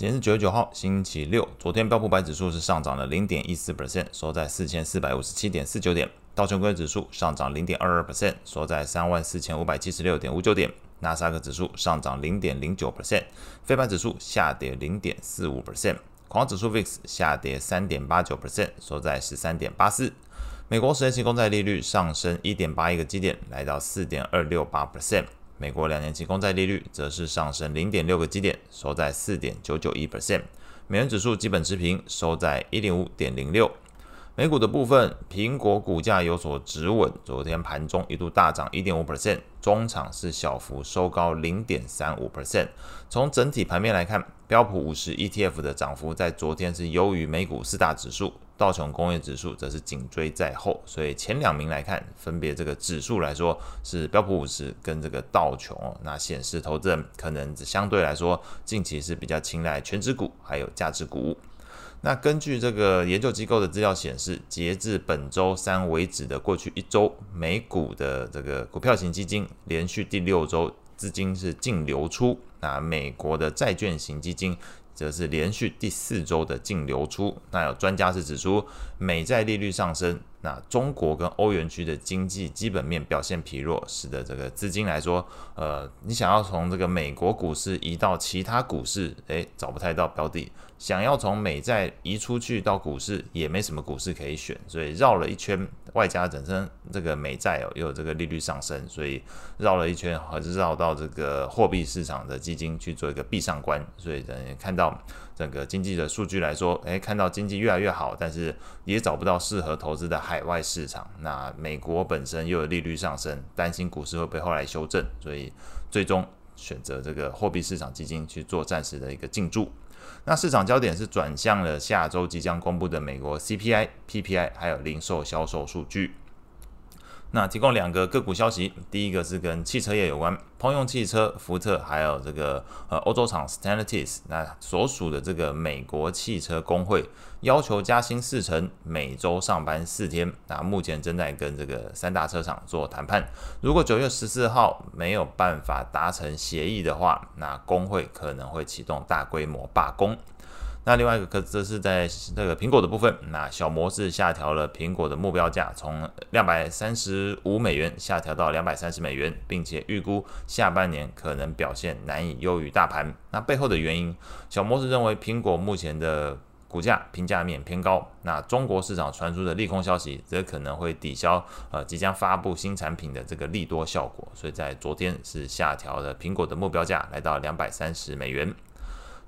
今天是九月九號，星期六。昨天標普百指數是上漲了零點一四 percent，收在四千四百五十七點四九點。道瓊斯指數上漲零點二二 percent，收在三萬四千五百七十六點五九點。納斯達克指數上漲零點零九 percent，費半指數下跌零點四五 percent。恐慌指數 VIX 下跌三點八九 percent，收在十三點八四。美國十年期公債利率上升一點八一個基點，來到四點二六八 percent。美國兩年期公債利率則是上升零點六個基點，收在四點九九一 percent。美元指數基本持平，收在一零五點零六。美股的部分，蘋果股價有所止穩，昨天盤中一度大漲一點五 percent，終場是小幅收高零點三五 percent。從整體盤面來看，標普五十 ETF 的漲幅在昨天是優於美股四大指數。道瓊工業指數則是緊追在後，所以前兩名來看，分別這個指數來說是標普五十跟這個道瓊，那顯示投資人可能相對來說近期是比較青睞權值股還有價值股。那根據這個研究機構的資料顯示，截至本周三為止的過去一周，美股的這個股票型基金連續第六周資金是淨流出，那美國的債券型基金。則是連續第四周的淨流出。那有專家是指出，美債利率上升。那中國跟歐元區的經濟基本面表現疲弱，使得這個資金來說，呃，你想要從這個美國股市移到其他股市，誒，找不太到標的；想要從美債移出去到股市，也沒什麼股市可以選。所以繞了一圈，外加本身這個美債哦，又有這個利率上升，所以繞了一圈還是繞到這個貨幣市場的基金去做一個壁上觀。所以，等人也看到。整個經濟的數據來說，誒，看到經濟越來越好，但是也找不到適合投資的海外市場。那美國本身又有利率上升，擔心股市會被後來修正，所以最終選擇這個貨幣市場基金去做暫時的一個進駐。那市場焦點是轉向了下周即將公布的美國 CPI、PPI 還有零售銷售數據。那提供兩個個股消息，第一個是跟汽車業有關，通用汽車、福特，還有這個呃歐洲廠 Stellantis，那所屬的這個美國汽車工會要求加薪四成，每周上班四天，那目前正在跟這個三大車廠做談判，如果九月十四號沒有辦法達成協議的話，那工會可能會啟動大規模罷工。那另外一個，這是在那個蘋果的部分，那小摩是下調了蘋果的目標價，從兩百三十五美元下調到兩百三十美元，並且預估下半年可能表現難以優於大盤。那背後的原因，小摩是認為蘋果目前的股價評價面偏高，那中國市場傳出的利空消息則可能會抵消呃即將發布新產品的這個利多效果，所以在昨天是下調了蘋果的目標價，來到兩百三十美元。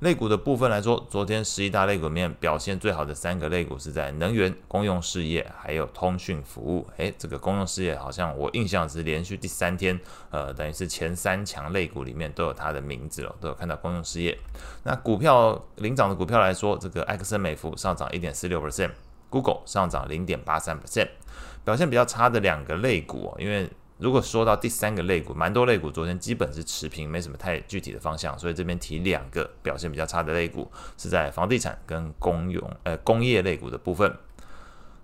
類股的部分來說，昨天十一大類股裡面表現最好的三個類股是在能源、公用事業還有通訊服務。誒、欸，這個公用事業好像我印象是連續第三天，呃，等於是前三強類股裡面都有它的名字了，都有看到公用事業。那股票領漲的股票來說，這個埃克森美孚上漲一點四六 percent，Google 上漲零點八三 percent。表現比較差的兩個類股、哦，因為如果說到第三個類股，蠻多類股昨天基本是持平，沒什麼太具體的方向，所以這邊提兩個表現比較差的類股，是在房地產跟公用呃工業類股的部分。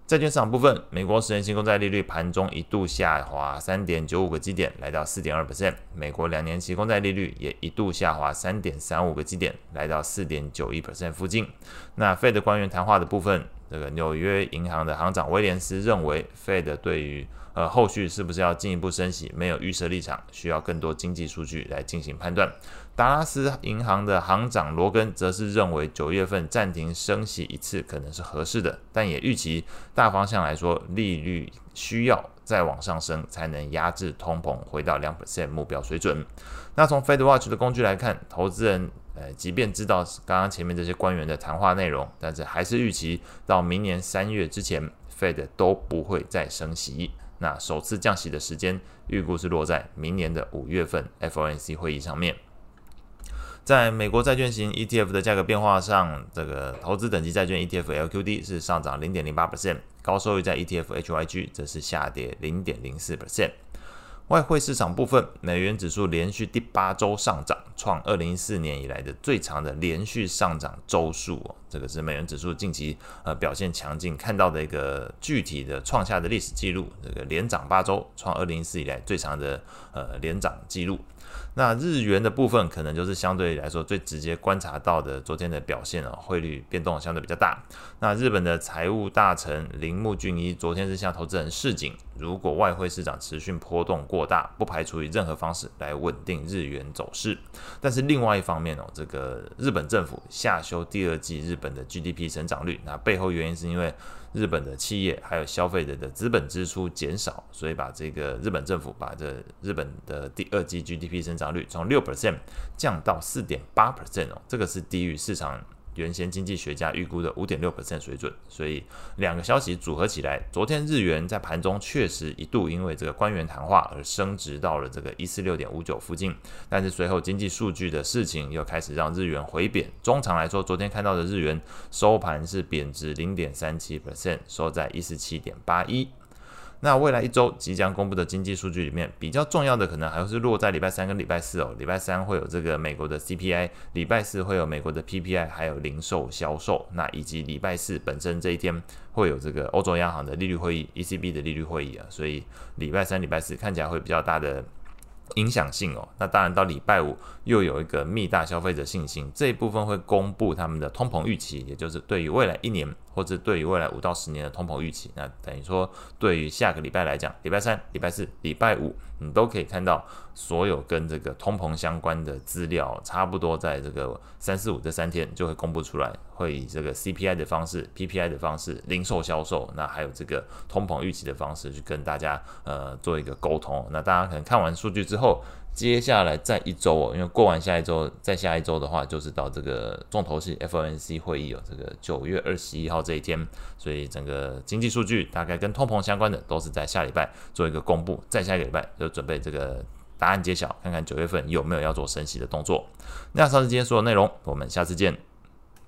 債券市場部分，美國十年期公債利率盤中一度下滑三點九五個基點，來到四點二百分；美國兩年期公債利率也一度下滑三點三五個基點，來到四點九一百分附近。那費德官員談話的部分，這個紐約銀行的行長威廉斯認為，費德對於呃，後續是不是要進一步升息？沒有預設立場，需要更多經濟數據來進行判斷。達拉斯銀行的行長羅根則是認為，九月份暫停升息一次可能是合適的，但也預期大方向來說，利率需要再往上升，才能壓制通膨，回到2%目標水準。那從 FedWatch 的工具來看，投資人呃，即便知道剛剛前面這些官員的談話內容，但是還是預期到明年三月之前，Fed 都不會再升息。那首次降息的時間預估是落在明年的五月份 FOMC 會議上面。在美國債券型 ETF 的價格變化上，這個投資等級債券 ETF LQD 是上漲零點零八 percent，高收益債 ETF HYG 則是下跌零點零四 percent。外匯市場部分，美元指數連續第八周上漲。創二零一四年以來的最長的連續上漲週數哦，這個是美元指數近期呃表現強勁看到的一個具體的創下的歷史記錄，這個連漲八週，創二零一四以來最長的呃連漲記錄。那日元的部分可能就是相對來說最直接觀察到的昨天的表現了哦，匯率變動相對比較大。那日本的財務大臣鈴木俊一昨天是向投資人示警，如果外匯市場持續波動過大，不排除以任何方式來穩定日元走勢。但是另外一方面哦，這個日本政府下修第二季日本的 GDP 成長率，那背後原因是因為日本的企業還有消費者的資本支出減少，所以把這個日本政府把這日本的第二季 GDP 成長率從六 percent 降到四點八 percent 哦，這個是低於市場。原先經濟學家預估的五點六百分水準，所以兩個消息組合起來，昨天日元在盤中確實一度因為這個官員談話而升值到了這個一四六點五九附近，但是隨後經濟數據的事情又開始讓日元回貶。終場來說，昨天看到的日元收盤是貶值零點三七百分，收在一四七點八一。那未來一周即將公布的經濟數據裡面，比較重要的可能還會是落在禮拜三跟禮拜四哦。禮拜三會有這個美國的 CPI，禮拜四會有美國的 PPI，還有零售銷售。那以及禮拜四本身這一天會有這個歐洲央行的利率會議，ECB 的利率會議啊。所以禮拜三、禮拜四看起來會比較大的影響性哦。那當然到禮拜五又有一個密大消費者信心，這一部分會公布他們的通膨預期，也就是對於未來一年。或者對於未來五到十年的通膨預期，那等於說，對於下個禮拜來講，禮拜三、禮拜四、禮拜五，你都可以看到所有跟這個通膨相關的資料，差不多在這個三四五這三天就會公布出來，會以這個 CPI 的方式、PPI 的方式、零售銷售，那還有這個通膨預期的方式去跟大家呃做一個溝通。那大家可能看完數據之後。接下來再一周哦，因為過完下一周，再下一周的話，就是到這個重頭戲 FOMC 會議哦，這個九月二十一號這一天，所以整個經濟數據大概跟通膨相關的，都是在下禮拜做一個公布，再下一個禮拜就準備這個答案揭曉，看看九月份有沒有要做升息的動作。那以上是今天所有內容，我們下次見。